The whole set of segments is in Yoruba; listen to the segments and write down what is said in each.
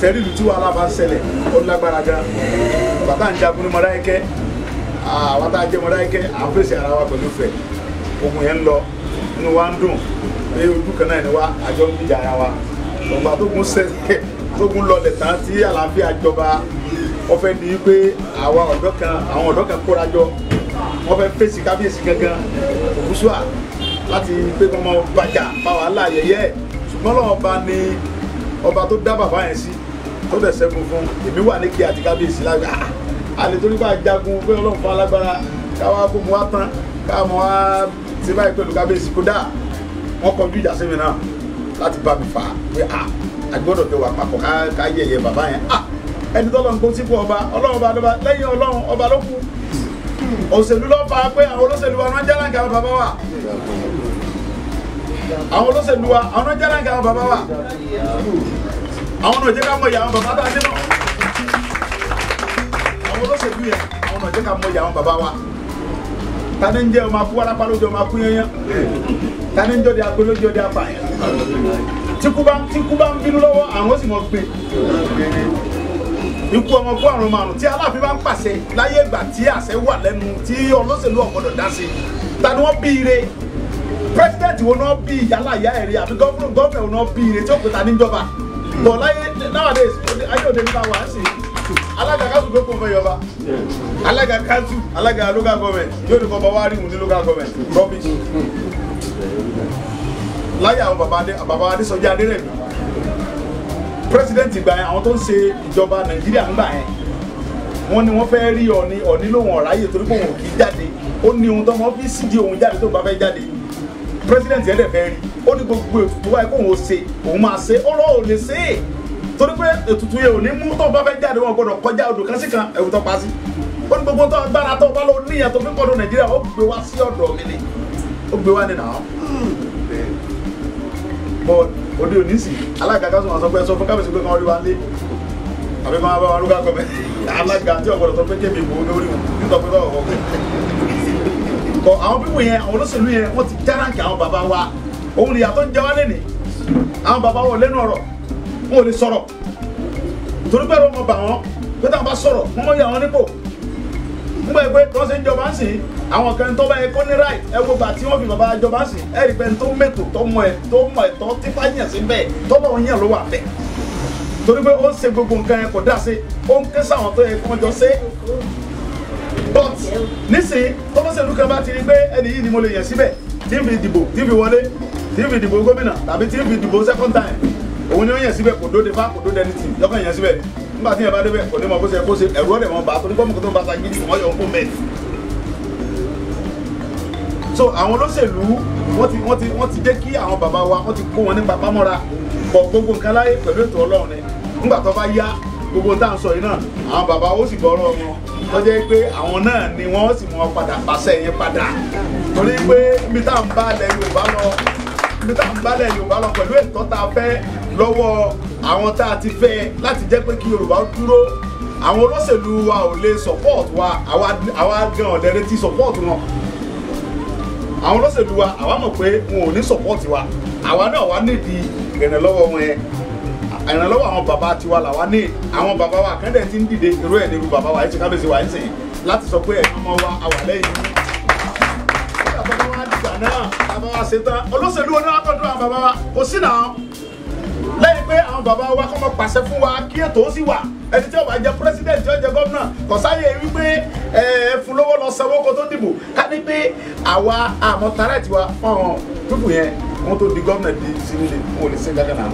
pẹ̀lú ìlú tí wàhálà bá ń ṣẹlẹ̀ ó lágbára gan bàtà ń jagun ní Mọdákẹ́kẹ́ àwọn tá a jẹ Mọdákẹ́kẹ́ à ń pèsè ara wa pẹ̀lú fẹ̀ ogun yẹn ń lọ inú wa ń dùn pé ojú kan náà ni wa àjọ ń gbìjà ara wa ọgbà tó kún sẹ́sẹ̀ tó kún lọlẹ̀ tán tí àlàáfíà jọba wọ́n fẹ́ di pé àwa ọ̀dọ́ kan àwọn ọ̀dọ́ kan kóra jọ wọ́n fẹ́ fèsì kábíyèsí gangan òkúsùà láti pé kọ́mọ bàjá báwa láàyè yẹ ṣùgbọ́n lọ́wọ́ bá ní ọba tó dá bàbá yẹn sí tó dẹ̀ ṣẹ́gun fún èmi wà ní kí àti kábíyèsí lágbára ah, àlè torí bá jagun pé ọlọ́run fún alágbára káwá gbogbo wa tán káàmọ́ wá ti báyìí pẹ̀lú kábíyèsí kódà wọ́n kọjú ìjà sí mi náà láti bá mi fà á pé à ah, àgbọ̀dọ̀ tó wà papọ̀ ká yẹ̀yẹ̀ bàbá yẹn à ah, ẹni tó lọ́n kó sípò ọba ọlọ́run ọba lọ́ba lẹ́yìn ọlọ́run ọba ló kù òṣèlú lọ́ fà á pé àwọn olóṣèlú wa wọ́n jẹ́ láǹkà bàbá wa àwọn olóṣèlú wa àwọn ọjọ́ náà ń ga àwọn bàbá wa àwọn ọ̀nà òjẹ́ ká mọ̀ ìyá àwọn bàbá tá a dé mọ́ àwọn olóṣèlú yẹn àwọn ọ̀nà òjẹ́ ká mọ̀ ìyá àwọn bàbá wa tani ń jẹ́ ọmọ akú warapa ọmọ akú tani ń jọ́ di akú lójó di apá yẹn tí kú bá ń bínú lọ́wọ́ àwọn sì mọ̀ gbé ikú ọmọ fún àrùn márùn tí aláàfin bá ń pàṣẹ láyé ìgbà tí àṣẹ wà lẹ́nu tí olóṣèlú ọ̀gbọ́dọ̀ dá sí tani wọ́n bí ire president wo náà be ìyálà ìyá ẹ̀ rí àbí gọ́fúnù gọ́fúnù wo náà bí ìrètí òkúta níjọba bọ̀ láyé nowadays ayé òde nípa wà á sì alága kanṣu ló kún fẹ́ yọba alága kanṣu alága local government yóò ní kọ́ba wá rí mu ní local government rubbish láyé àwọn bàbá adésọjí adérẹ̀mí president ìgbà yẹn àwọn tó ń ṣe ìjọba nàìjíríà ńgbà yẹn wọ́n ní wọ́n fẹ́ rí ọ̀ní ọ̀ní lóhùn ọ̀ráyè torí pé òun kì í jáde ó ní ohun tó wọ́n fi sídìí òun jáde tó bá fẹ́ jáde president yẹn dẹ̀ fẹ́ rí ó ní gbogbo ètùtù wáyé kóun ó ṣe òun máa ṣe ó lọ́ ò lè ṣe é torí pé ètùtù yẹn ò ní mú tó bá fẹ́ jáde wọn gbọ́dọ̀ kọjá odò kan sí kan ẹ̀wù tó pa sí ó ní gbogbo tó agbára tó bá lọ níyàn tó fi kọ́ ọdún nàìjíríà ó gbé wá sí ọ̀dọ̀ mi ni ó gbé wá ní nà bọ òde òní sì alága kásùn àwọn sọpẹ́ sọ fún kábíyèsí pé kàn rí wa lé àbí kàn wá bá wa lúgà gọbẹ alága àti ọ̀gbọ̀dọ̀ tó fẹ́ jẹ́ mi wò lórí wọn nítorí pé báwo kọ́ kọ àwọn pípò yẹn àwọn olóṣèlú yẹn wọ́n ti járáǹkì àwọn bàbá wa òun lè yàtọ̀ ń jẹ wá lẹ́nìí àwọn bàbá wọn lẹ́nu ọ̀rọ̀ wọn ò lè sọ̀rọ̀ torí pé wọn bà wọn pé táwọn bá sọ̀rọ̀ wọn mọ̀ yà wọn nípò nígbà pé tí wọ́n ṣe ń jọba ń sìn àwọn kan tó bá yẹ kó ní ráì ẹ wo gbà tí fi bàbá jọba ń sìn ẹ rí pé tó mẹ́tò tó mọ ẹ tó mọ ẹ tó tí fáyàn sí bẹ́ẹ̀ tó bá wọn yàn ló wà bẹ́ẹ̀ torí pé ó ń ṣe gbogbo nǹkan ẹ kò dá sí ó ń ké sáwọn tó yẹ kó wọn jọ ṣe but nísìnyí olóṣèlú kan bá ti rí pé ẹni yìí ni mo lè yàn síbẹ̀ tí n fi dìbò tí n fi wọlé tí n fi dìbò gómìnà tàbí tí n fi dìbò second time òun ni ó yàn síbẹ̀ kò dóde bá kò dóde anything yọkàn yàn síbẹ̀ nígbà tí yẹn bá débẹ̀ kò ní mọ kó ṣe kó ṣe ẹ̀rú ọ̀dẹ̀ wọn bá torí pọ́nmù kó tó ń bá ta gidi kò mọ́ yọ ohun mẹ́ẹ̀tì. so àwọn olóṣèlú wọ́n ti wọ́n ti wọ́n ti jẹ́ kí àwọn bàbá wa wọ́n ti kó wọn nípa pamọ́ra bọ̀ gbogbo nǹkan láyé pẹ̀lú ètò ọlọ́run ni nígbà tó bá yá gbogbo tá à ń sọ yìí náà àwọn bàbá ó sì gbọ́rọ̀ wọn tó jẹ́ pé àwọn náà ni wọ́n sì mọ padà pàṣẹ yẹn padà torí pé níbi tá à ń bá Yorùbá lọ níbi tá à ń bá Yorùbá lọ pẹ̀lú ètò tá a fẹ́ lọ́wọ́ àwọn tá a ti fẹ́ láti jẹ́ pé kí Yorùbá dúró àwọn olóṣèlú wa ò lè support wa àwa gan ọ̀dẹ̀ retí support wọn àwọn olóṣèlú wa àwa mọ̀ pé wọn ò ní support wa àwa náà wà nídìí ìrànlọ́wọ́ wọn yẹn ìrànlọ́wọ́ àwọn bàbá tiwa làwa ní àwọn bàbá wa kẹ́ndẹ̀ ti ń dìde irú ẹ̀ nírú bàbá wa ẹ̀ ti kábíyèsí wa ẹ̀ sìn láti sọ pé ẹ̀ ọmọ wa àwà lẹ́yìn. bàbá wa dìgbà náà bàbá wa ṣe tán olóṣèlú oníwàkọ̀dún àwọn bàbá wa kò sí náà lẹ́yìn pé àwọn bàbá wa kọ́ mọ pàṣẹ fún wa kí ètò ó sì wà ẹni tí ó bá jẹ president tí ó jẹ gómìnà kọ̀sáyé wípé ẹ fún lówó lọ sanwó kó tó dìbò ká ní pé àwa àmọ́ tààrà tiwa fún àwọn pípù yẹn wọ́n tó di gómìnà di sínú wọn ò lè ṣe gángan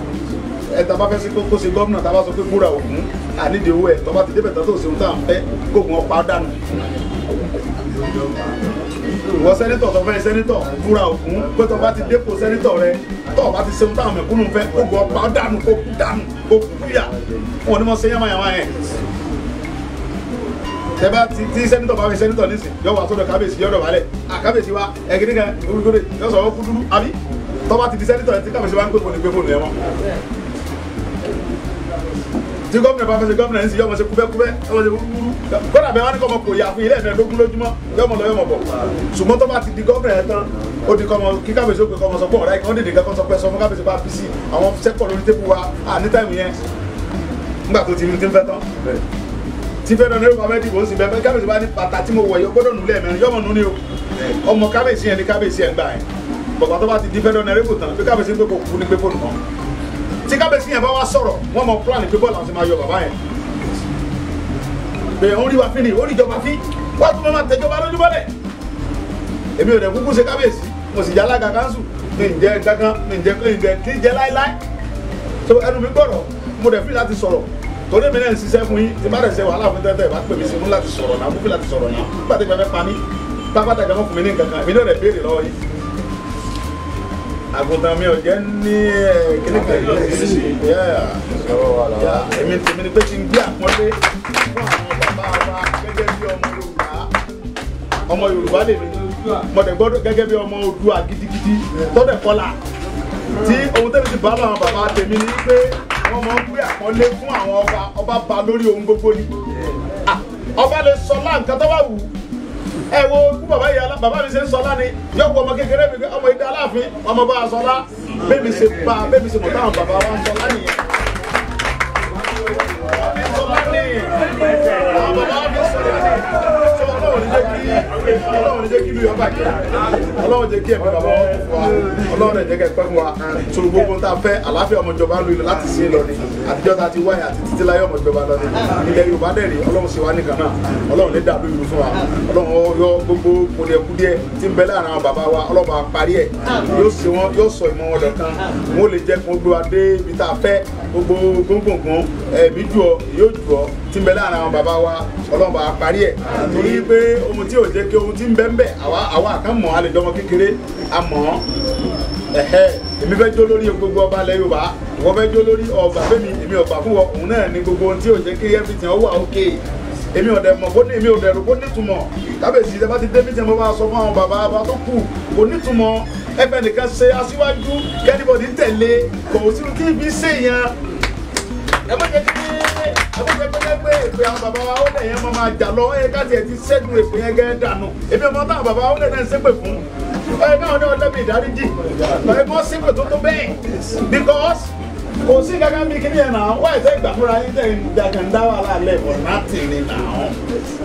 ẹ tá a bá fẹ́ sí kó ṣe gómìnà tá a bá sọ pé búra ògùn ànídìí owó ẹ tó bá ti débẹ̀ tó ṣe ohun tá à ń fẹ́ kóògùn ọ̀pá dànù ìwọ sẹ́nítọ̀ tó fẹ́ sẹ́nítọ̀ búra ògùn pé tó bá ti dépò sẹ́nítọ̀ rẹ tó bá ti ṣe ohun táwọn mẹ̀kúnnù fẹ́ kóògùn ọ̀pá dànù kó kú dànù kó kú kúyà wọn ni wọ́n ṣe yánmayànmá yẹn tẹ bá ti tí sẹ́nitọ̀ bá fi sẹ́nitọ̀ nísìn yọ wà sọ́dọ̀ kábíyèsí yọ̀dọ̀ wálẹ̀ àkábíyèsí wa ẹ̀gídígan orúkọ rẹ̀ yọ sọ̀rọ̀ kúdúrú àbí tọ́ bá ti di sẹ́nitọ̀ ẹ̀ tí wa ń gbé fòlù gbé fòlù ẹ̀ wọ́n tí gómìnà bá fẹ́ ṣe gómìnà yìí sì yọmọ ṣe kúbẹ́kúbẹ́ yọmọ ṣe kúkúrú kódà bẹ́ẹ̀ wá ní kọ́mọ kò yà fún ilé ẹ̀mẹ́ẹ̀dógún lójúmọ́ yọmọ lọ yọmọ bọ̀ ṣùgbọ́n tó bá ti di gómìnà yẹn tán ó di kọ́mọ kí kábíyèsí ó pe kọ́mọ sọ pé ọ̀rá ìkan dìde kankan sọ pé sọ fún kábíyèsí bá fi sí àwọn sẹ́kọ̀ lórí tébù wa à ní táìmù yẹn nígbà tó ti ní tí ń fẹ́ tán tí fẹ́ dán ní orúkọ mẹ́tì bó ń sì bẹ́ẹ̀ kábíyèsí bá ní bàtà tí mo wọ̀ o ọmọ kábíyèsí yẹn ni kábíyèsí yẹn gbà yẹn bọ̀gbà tó bá ti di fẹ́ dán ní orúkọ tán pé kábíyèsí pé kò kú ní pé fóònù kan tí kábíyèsí yẹn bá wá sọ̀rọ̀ wọ́n mọ plan pé bọ́ọ̀lù àti máa yọ bàbá yẹn bẹ́ẹ̀ orí wa fi ni orí ìjọba fi wọ́n tún máa tẹ̀jọba lójú bọ́lẹ̀ èmi ò dẹ̀ kúkú ṣe kábíyèsí mo sì jẹ́ alága kanṣu mi ń jẹ gangan mi ń jẹ mi ń jẹ láéláé so ẹnu mi gbọ́dọ̀ mo dẹ̀ fi láti sọ̀rọ̀ torí mi náà ń ṣiṣẹ́ fún yín tí bá dẹ̀ ṣe wàhálà fún tẹ́tẹ́ ìbá pè mí sí mú láti sọ̀rọ̀ náà mú fi láti sọ̀rọ̀ náà nígbà tí ìgbà fẹ́ pa mí àgùntàn mi ò jẹ́ ní kíníkà ìlú èmi tèmi ni pé kí n gbé àpọ́nlé fún àwọn bàbá wa gẹ́gẹ́ bí ọmọ Yorùbá ọmọ Yorùbá lè ní mọ̀tẹ̀ gbọ́dọ̀ gẹ́gẹ́ bí ọmọ Oòduà gidigidi tọ́dẹ̀ kọ́lá tí ohun tẹ́lẹ̀ ti bá àwọn bàbá tèmi ni pé wọ́n máa ń gbé àpọ́nlé fún àwọn ọba ọba ba lórí ohun gbogbo ni ah, ọba lè sọ láǹkan tó bá wù ú ẹ wo kú bàbá yìí bàbá mi ṣe ń sọlá ni yọkù ọmọ kékeré mi pé ọmọ ìdá aláàfin ọmọ bá a sọlá bẹ́ẹ̀ mi ṣe pa bẹ́ẹ̀ mi ṣe mọ̀ táwọn bàbá wa ń sọlá nìyẹn. bàbá mi sọlá nìyẹn ọlọ́run jẹ́ kí ọlọ́run jẹ́ kí ìlú yọba jẹ́ ọlọ́run jẹ́ kí ẹ̀mí bàbá wọn fún wa ọlọ́run jẹ́ kí ẹ̀pẹ́ fún wa tó gbogbo tá a fẹ́ àlàáfíà ọmọjọba lu ilẹ̀ láti sí lọ ni àtijọ́ ta ti wáyà àti títí láyé ọmọjọba lọ ni ilẹ̀ yorùbá dẹ̀rì ọlọ́run ṣe wá nìkan náà ọlọ́run lè dàbí ìlú fún wa ọlọ́run yọ gbogbo kùdìẹ̀kùdìẹ̀ tí ń bẹ láàrin àwọn bàbá wa ọlọ́run àparí ẹ̀ yóò ṣe wọn yóò sọ ìmọ̀ wọn lọ́kàn wọn ò lè jẹ́ kó gbé wa dé ibi tá a fẹ́ gbogbo gbóngbòngbòn ẹ̀mí jù ọ yóò jù ọ tí ń bẹ láàrin àwọn bàbá wa ọlọ́run bá parí ẹ̀ torí pé ohun tí ò jẹ́ kí ohun tí ń bẹ ń bẹ àwa àkàn mọ̀ alẹ́jọ́mọ kékeré àmọ́ ẹ̀hẹ́ èmi fẹ́ jó lórí gbogbo ọba ilẹ̀ Yorùbá ìwọ fẹ́ jó lórí ọba fẹ́mi èmi ọba fún wọn òun náà ni gbogbo ohun tí ò jẹ́ kí everything ó wà òkè èmi ò dẹ̀ mọ̀ bó ní èmi ò dẹ̀ rò bó nítumọ̀ kábèsì ìjọba ti dé mítẹ̀ mo bá sọ fún àwọn bàbá bá tó kù kò nítumọ̀ ẹgbẹ́ nìkan ṣe aṣíwájú kẹ́nìbọ̀dì ń tẹ̀lé kò sínú tí ibi ṣèyàn ẹ má jẹ́ kí ẹ má jẹ́ pé èpè àwọn bàbá wa ó lè yẹn máa máa jà lọ ẹ káàtì ẹ ti ṣẹ́gun èpè yẹn gẹ́gẹ́ dànù èmi ọmọ táwọn bàbá wa ó lè náà ṣépè fún ẹ káwọn ní ọdẹ mi ìdáríjì ẹ kọ́ ṣépè tó tó bẹ́ẹ̀ because kò sí kankan bí kíní yẹn náà wọ́n ẹ̀sẹ̀ gbà fúnra yín tẹ̀ ń dàgbà ń dá wàhálà lẹ̀ wọ̀ láti ní náà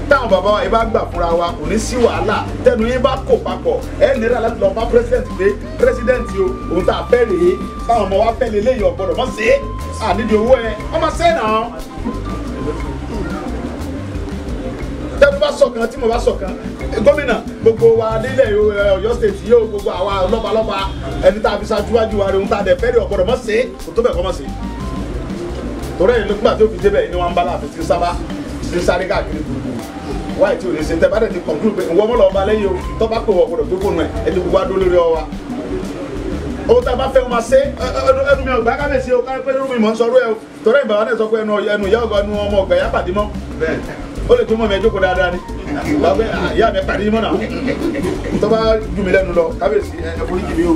táwọn bàbá wa yìí bá gbà fúnra wa kò ní sí wàhálà tẹnu yín bá kò papọ̀ ẹ nira láti lọ bá pírẹsidẹ̀ntì pé pírẹsidẹ̀ntì o òun tá a fẹ́ rèé táwọn ọmọ wa fẹ́ lé léyìn ọ̀gbọ́dọ̀ mọ́ sí ànídìí owó ẹ ọmọ sẹ́yìn náà. sọ̀kan tí mo bá sọ̀kan gómìnà gbogbo wa nílẹ̀ eh, Ọ̀yọ́ state yóò gbogbo àwa ọlọ́ba ọlọ́ba ẹni tá a fi ṣáájúwájú wa rẹ̀ ń ta dẹ̀ fẹ́rẹ̀ ọ̀gbọ́dọ̀ mọ̀ sí kò tó bẹ̀ kọ́ mọ̀ sí. torí ẹ̀yin lókùnbà tí o fi débẹ̀ ni wọ́n ń bá láàfin sí sábà sí sáré káàkiri gbogbo wáyé tí o lè ṣe tẹ bá dẹ̀ ti kọ̀ǹtúrù pé ìwọ mọ́ lọ́ọ́ ba lẹ́yìn o tọ́ bá pè wọ̀ gbọ́dọ̀ gbé fóònù ẹ̀ ẹni gbogbo adó lórí ọ wa ohun tá a bá fẹ́ o máa ṣe ẹnu mi ọgbà ká lè ṣe o ká pé ẹnu mi mọ̀ ń sọ ọdún ẹ o torí ìbáwá náà sọ pé ẹnu ìyá ọgọ ẹnu ọmọ ọgbà yá pàdé mọ́ ó lè tó mọ̀ mi ẹjọ́ kó dáadáa ni lábẹ́ àyà mi pàdé mọ́nà na bá jù mí lẹ́nu lọ kábíyèsí ẹ forí jì mí o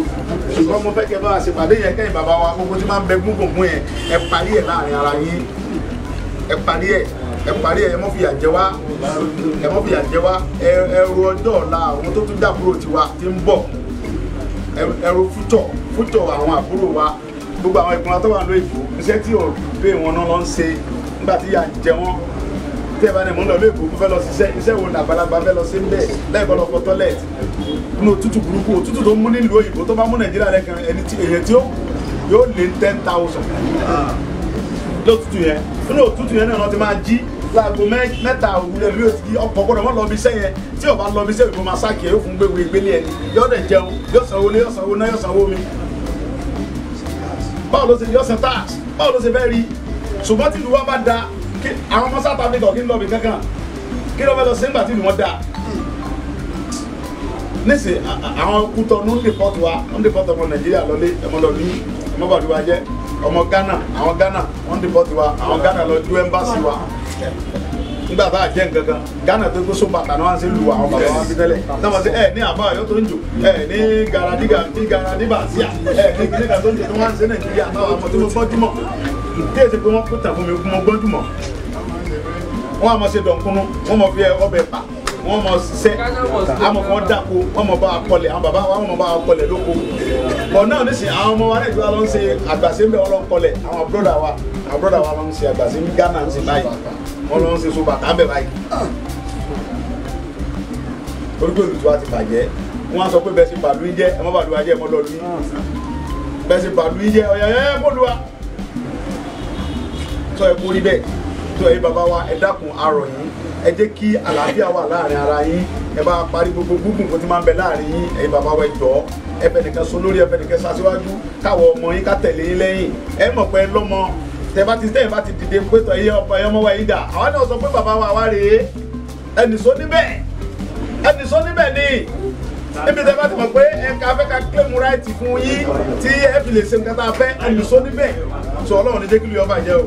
ṣùgbọ́n mo fẹ́ kẹ́ bá a ṣe pàdé yẹn kẹ́yìn bàbá wa gbogbo tí máa ń bẹ gúngùngún yẹn ẹ parí ẹ̀ láàrin ara yín ẹ parí ẹ̀ ẹ parí ẹ mọ fìyà jẹ wá ẹ mọ fìyà jẹ wá ẹ ẹ ro ọjọ́ ọ̀la àwọn tó tún dàbúrò tiwa ti ń bọ̀ ẹrù fútọ̀ fútọ̀ àwọn àbúrò wa gbogbo àwọn ìpínlẹ̀ tó wà lóyìnbó iṣẹ́ tí ò bẹ́ẹ̀ wọn náà lọ ń ṣe nígbà tí yà jẹ wọ́n tí ẹ bá ní mò ń lọ lóògbé mo fẹ́ lọ ṣiṣẹ́ iṣẹ́ wo làgbàlagbà fẹ́ lọ sí ń bẹ̀ lẹ́ẹ̀kọ́ lọ fọ tọ́lẹ̀tì nínú òtútù burúkú òtútù tó mú nílùú òyìnbó tó bá mú nàìjíríà lẹ́kan ẹni tí èyàn tí ó yóò lé ten thousand lótútù yẹn nínú òtútù yẹn náà wọ́n ti máa jí láago mẹ́ta òwúrọ̀ mi ò ti ọ̀pọ̀ gbọ́dọ̀ wọ́n lọ bí iṣẹ́ yẹn tí ò bá lọ bí iṣẹ́ ìbò máa sáàkì ẹ̀ yóò fún gbégbé ìgbélé ẹni yóò dẹ̀ jẹun yóò sanwó ní àwọn ọmọ South Africa kí n lọ bí kankan kí ló fẹ́ lọ sẹ́ńgbà tí wọ́n dà nísìn àwọn Kútọ̀nù ń dìpọ́tù wa ń dìpọ́tù ọmọ Nàìjíríà lọlé ẹmọlọlú ẹmọbàdúrà jẹ ọmọ Ghana àwọn Ghana wọ́n ń dìpọ́tù wa àwọn Ghana lọ ju ẹmbásì wa nígbà bá a nǹkan kan Ghana tó gbóso bàtà náà ṣe lu àwọn bàbá wa tẹ́lẹ̀ náà wọ́n ṣe ẹ ní àbá ayọ́ tó ń jò ẹ ní garadiga ní garadiba àti à ẹ ní kíníkà tó ń jò tó wá ń ṣe Nàìjíríà náà àmọ́ tó ń fọ́júmọ́ tí èsì pé wọ́n kó tàn fún mi kún mọ́ gbọ́njú mọ́ wọ́n á mọ̀ ṣe dọ̀nkúnú wọ́n mọ̀ fi ọbẹ̀ pa wọ́n mọ̀ ṣiṣẹ́ àmọ̀ kan dàpọ̀ wọ́n mọ̀ bá wa kọlẹ̀ àwọn bàbá wa wọ́n mọ̀ bá wa kọlẹ̀ lóko bọ̀ náà nísìnyí àwọn ọmọ wa rẹ̀ jù wá ló ń ṣe àgbàṣe ń bẹ̀ wọ́n lọ kọlẹ̀ àwọn bọ́dà wa àwọn bọ́dà wa ló ń ṣe àgbàṣe ní Ghana ń ṣe báyìí wọ́n lọ ń ṣe sóbà tá ń bẹ̀ báyìí orúkọ ìlú tí wàá ti bàjẹ́ wọ́n á sọ pé bẹ́ẹ̀ sì bàlú yín jẹ́ ẹ mọ́ bàlú wa jẹ́ ẹ mọ́ lọ́ọ́ tọ́ ẹ kó rí bẹ́ẹ̀ tó ẹ bàbá wa ẹ dákun arọ̀ yín ẹ jẹ́ kí àlàáfíà wà láàrin ara yín ẹ bá parí gbogbo gúngùn kó ti máa ń bẹ láàrin yín ẹ bàbá wa ẹ jọ̀ọ́ ẹ bẹ nìkan so lórí ẹ bẹ nìkan sasíwájú káwọ ọmọ yín ká tẹ̀lé yín lẹ́yìn ẹ mọ̀ pé lọ́mọ tẹ̀bá ti tẹ̀yìn bá ti dìde pé tọ̀ ẹyẹ ọkọ ẹyẹ wa yín dà àwa náà sọ pé bàbá wa wá rèé ẹnìṣó níbẹ̀ ẹnìṣó níbẹ̀ ni níbi tẹ́ bá ti mọ̀ pé ẹ̀ka fẹ́ ka claim right fún yín tí ẹ fi lè ṣe nǹkan tá a fẹ́ olùsọ níbẹ̀ sọ ọlọ́run ní jẹ́ kí lè ọba jẹ́ o.